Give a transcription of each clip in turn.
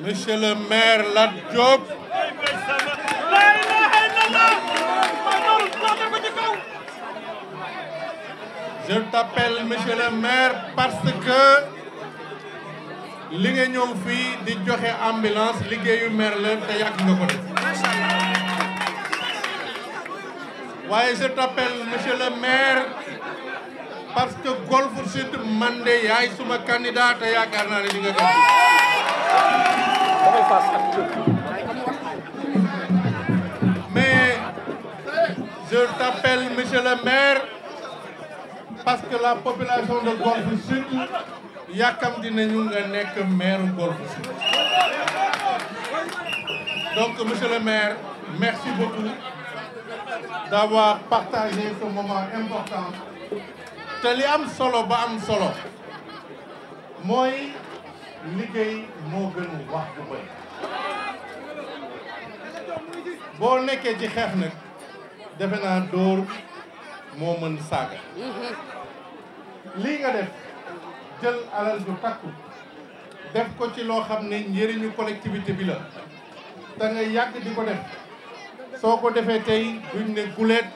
Monsieur le maire Lat Diop. Je t'appelle monsieur le maire parce que li nga ñëw fii di joxe ambulance liggéeyu maire la te yàgg nga ko def. waaye je t'appelle monsieur le maire parce que Golf Sud man de yaay suma candidat yaakaar naa ne di nga gën. face ak Diop mais je t'appelle monsieur le maire parce que la population de Golf Sud yàkkamti ñu nga nekk maire Golf Sud donc monsieur le maire merci beaucoup d'avoir partagé ce moment important te li am solo ba am solo mooy liggéey moo gën wax bu bëri boo nekkee ci xeex nag defe naa dóor moo mën saaga lii nga def jël alal ju takku def ko ci loo xam ne njëriñu collectivité bi la te nga yàgg di ko def soo ko defee tey duñ ne guleet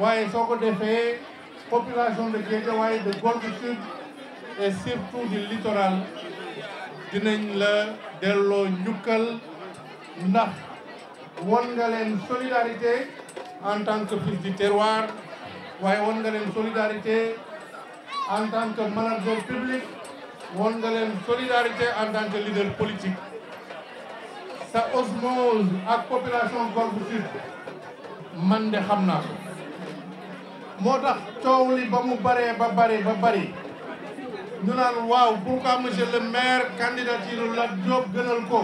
waaye soo ko defee population de Guédiawaye de Golf Sud et surtout du littoral dinañ la delloo njukkal ndax won nga leen solidarité en tant que fils du waaye won nga leen solidarité en tant que manager public won nga leen solidarité en tant que leader politique sa osmose ak population Golf Sud man de xam naa ko moo tax coow li ba mu baree ba bare ba bari ñu naan waaw pourquoi monsieur le maire candidature Lat Diop gënal ko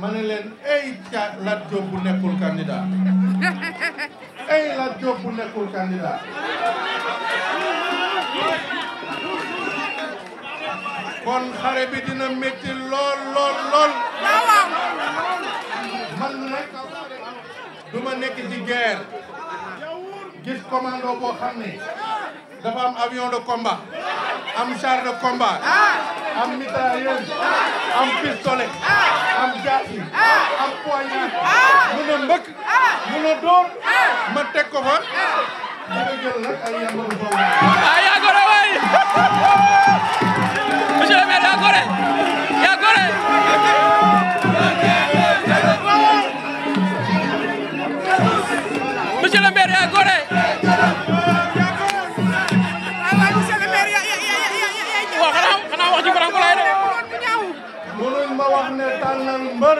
ma ne leen ay ca Lat Diop bu nekkul candidat ay Lat Diop bu nekkul candidat kon xare bi dina métti lool lool lool man nag du ma nekk ci guerre gis commando boo xam ne dafa am avion de combat am char de combat am mitrailleuse am pistolet am jaasi am poignard mu ne mbëkk mu ne door ma teg ko fa mu ne jël nag ay yàmbalu munuñ ma wax ne tànnal mbër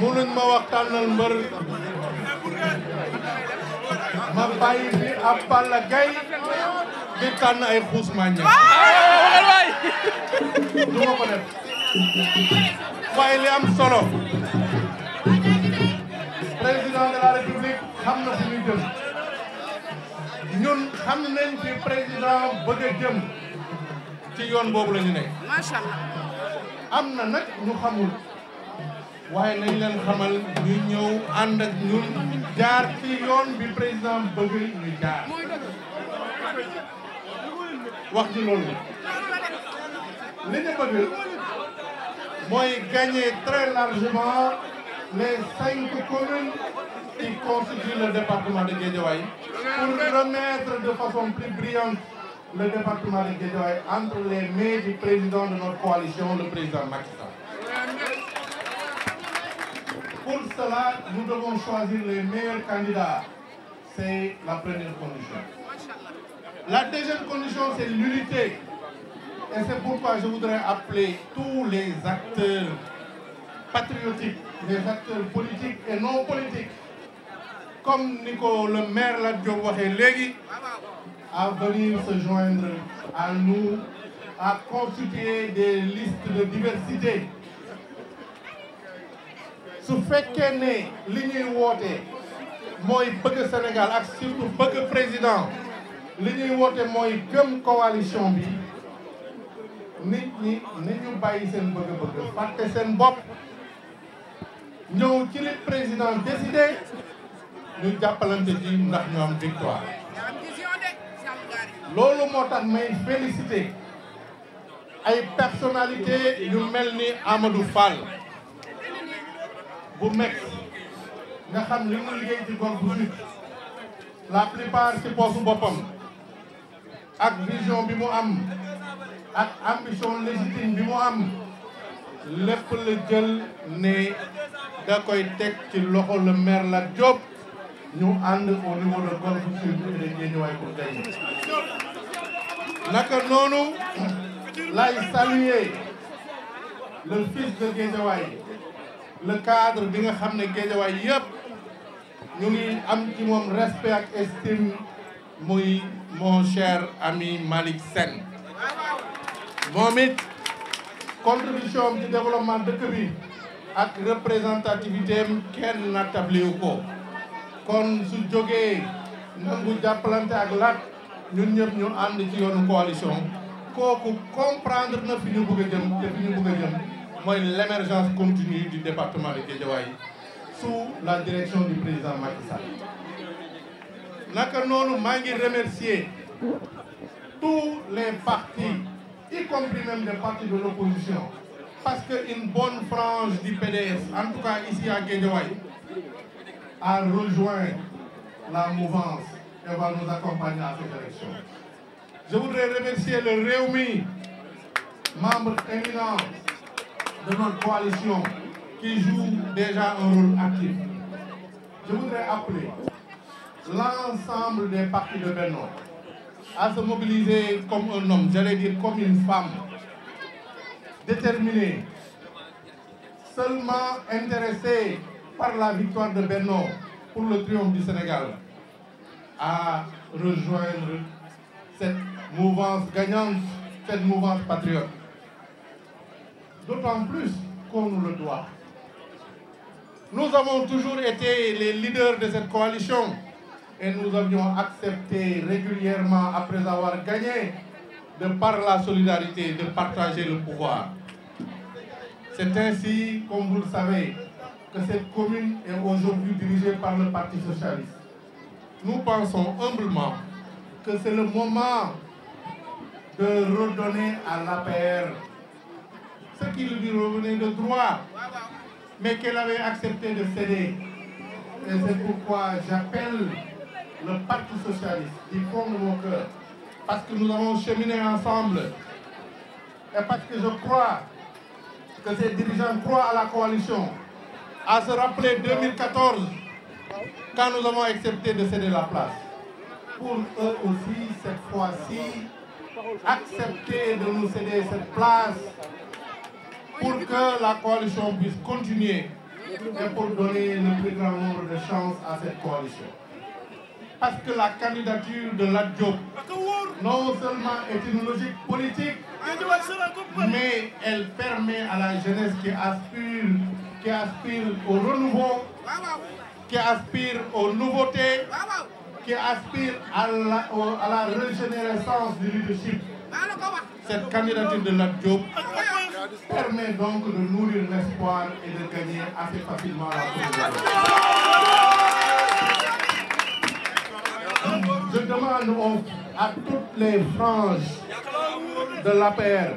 munuñ ma wax tànnal mbër ma bàyyi fi ab Balla Gaye di tànn ay xuus màññe du ma ko def waaye am solo président de la république na fi ñun xam nañ fi président bëgg a ci yoon boobu la nekk. macha allah. am na nag ñu xamul waaye nañ leen xamal ñu ñëw ànd ak ñun jaar ci yoon bi président bëgg ñu jaar. wax ji loolu li ñu bëgg mooy gagner très largement les cinq communes qui constituent le de Guédiawaye pour remettre de façon plus brillante. le département de Guédiawaye entre les mains du président de notre coalition, le président Macky Pour cela, nous devons choisir les meilleurs candidats. C'est la première condition. La deuxième condition, c'est l'unité. Et c'est pourquoi je voudrais appeler tous les acteurs patriotiques, et non politiques. Comme Nico le maire l'a dit, a venir se joindre à nous, à constituer des listes de diversité. su fekkee ne li ñuy woote mooy bëgg Sénégal ak surtout bëgg président li ñuy woote mooy gëm coalition bi nit ni ni ñu bàyyi seen bëgg-bëgg fàtte seen bopp ñëw ci li président décidé ñu jàppalante ji ndax ñu am victoire loolu moo tax may félicité ay personnalité yu mel ni Amadou Fall bu mekk li mu liggéey ci gox la plupart ci boppam ak vision bi mu am ak ambition légitime bi mu am lépp la ne da koy teg ci loxo le maire la Diop ñu ànd au niveau de Golf Sud et de Guédiawaye pour naka noonu lay saluer le fils de Guédiawaye le bi nga xam ne Guédiawaye yëpp ñu ngi am ci moom respect ak estime muy mon cher ami Malick Sène moom it contribution am ci bi ak représentativité am kenn nattablewu ko kon su jógee nangu jàppalante ak lat ñun ñëpp ñu ànd ci yoonu coalition kooku comprendre na fi ñu bëgg a fi ñu bëgg mooy l'émergence continue du département de Guédiawaye sous la direction du président Macky Sall naka noonu maa ngi remercier tous les partis y compris même des partis de l'opposition parce que une bonne frange di PDS en tout cas ici à à rejoindre la mouvance et va nous accompagner à cette élection. Je voudrais remercier le Réumi, membre éminent de notre coalition, qui joue déjà un rôle actif. Je voudrais appeler l'ensemble des partis de Benoît à se mobiliser comme un homme, j'allais dire comme une femme, déterminée, seulement intéressée par la victoire de Benno pour le triomphe du Sénégal à rejoindre cette mouvance gagnante, cette mouvance patriote. D'autant plus qu'on nous le doit. Nous avons toujours été les leaders de cette coalition et nous avions accepté régulièrement, après avoir gagné, de par la solidarité, de partager le pouvoir. C'est ainsi, comme vous le savez, que cette commune est aujourd'hui dirigée par le Parti socialiste. Nous pensons humblement que c'est le moment de redonner à l'APR ce qui lui revenait de droit, mais qu'elle avait accepté de céder. Et c'est pourquoi j'appelle le Parti socialiste du fond mon cœur, parce que nous avons cheminé ensemble, et parce que je crois que ces dirigeants croient à la coalition, à se rappeler 2014, quand nous avons accepté de céder la place. Pour eux aussi, cette fois-ci, accepter de nous céder cette place pour que la coalition puisse continuer et pour donner le plus grand nombre de chances à cette coalition. Parce que la candidature de l'adjoint non seulement est politique, mais elle permet à la jeunesse qui aspire qui aspire au renouveau, qui aspire aux nouveautés, qui aspire à la, à la régénérescence du leadership. Cette candidature de l'Adjob permet donc de nourrir l'espoir et de gagner assez facilement la présidence. Je demande à toutes les franges de la paire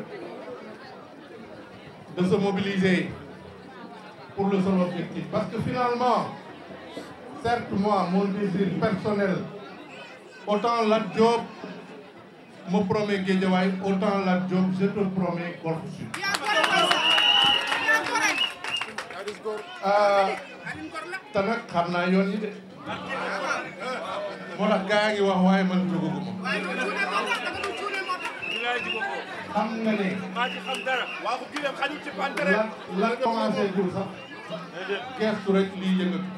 de se mobiliser pour le seul Parce que finalement, certes moi, mon désir personnel, autant la job me promet Guédiawaye, autant la job je te promets Golf Sud. Euh, te nag xam de ah, moo tax gaa ngi wax waaye man jógaguma xam na ne. maa ci xam dara. waaw la la commencé gul sax. gestu rek lii yëngatu.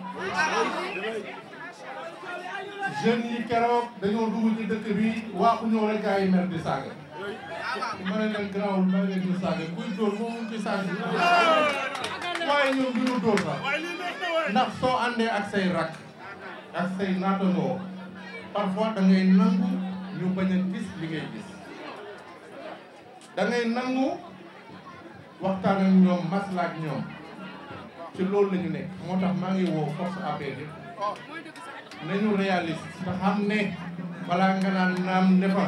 yi keroog dañoo dugg ci dëkk bi waaxu ñëw rek gars mer di saaga. ma ne leen garaawul ma ne leen di saaga kuy dóor moomu ci saaga. waaye ñoom du sax. ndax soo àndee ak say rakk ak say naatandoo parfois da ngay ñu bañ a gis li ngay gis. da nangu waxtaan ak ñoom maslaak ñoom ci loolu la ñu nekk moo tax maa ngi woo force APR yëpp nañu réaliste te xam ne balaa nga naan naam ne fa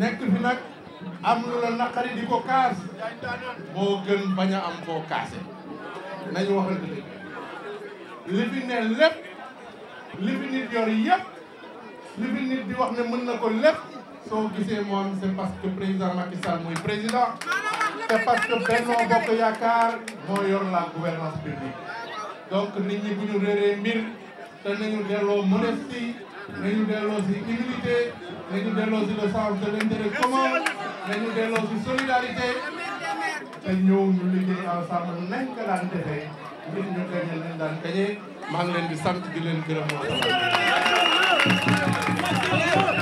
nekk nag am lu la naqari di ko kaas boo gën bañ a am koo kaase nañu waxante dëgg li lépp li di wax ne mën na ko lépp soo gisee moom c' est parce que président Macky Sall mooy président ah, c' est que Benno Bokk Yaakaar moo yor la gouvernance publique donc nit ñi bu ñu mbir te nañu delloo modestie nañu delloo si humilité nañu delloo si le sens de l' si solidarité te ñëw ñu liggéey ensemble nañ ko daan defee ngir ñu gañe nañ daan gañe maa ngi leen di sant di leen gërëm moo